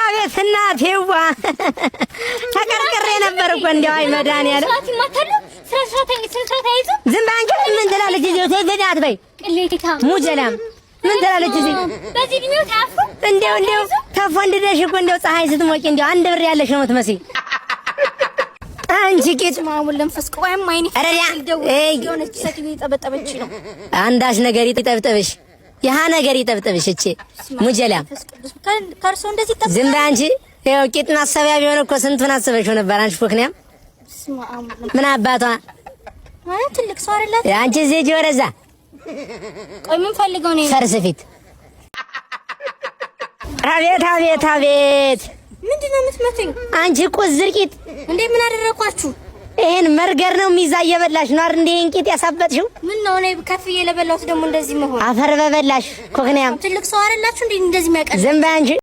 አቤት አቤት እናቴ ዋ ተቀርቅሬ ነበር እኮ እንዲያው አይ መድኃኒዓለም ስራት በይ ስራት ምን ትላለች ምን አንድ ብር ያለሽ ነው የምትመስይ አንቺ ማሙል አይኔ አንዳች ነገር ይጠብጠብሽ ያሃ ነገር ይጠብጥብሽ። እቺ ሙጀላ ከርሶ እንደዚህ ተጠብጣ ዝም በይ አንቺ። ይኸው ቂጥ ማሰቢያ ቢሆን እኮ ስንቱን አሰበሽው ነበር አንቺ ፎክኒያም። ምን አባቷ አይ ትልቅ ሰው አይደለ አንቺ። እዚህ ሂጂ ወደዛ። ቆይ ምን ፈልገው ነው ፈርስ ፊት። አቤት አቤት አቤት! ምንድነው የምትመትኝ አንቺ? ቁዝር ቂጥ እንዴ! ምን አደረኳችሁ? በርገር ነው ሚዛ እየበላሽ ነው አይደል? እንዴ እንቂጥ ያሳበጥሽው ምን ነው? እኔ ከፍ እየለበላሁት ደግሞ እንደዚህ መሆን አፈር በበላሽ ኮክኒያም ትልቅ ሰው አይደላችሁ እንዴ? እንደዚህ የሚያቀርብ ዝም በይ አንቺ።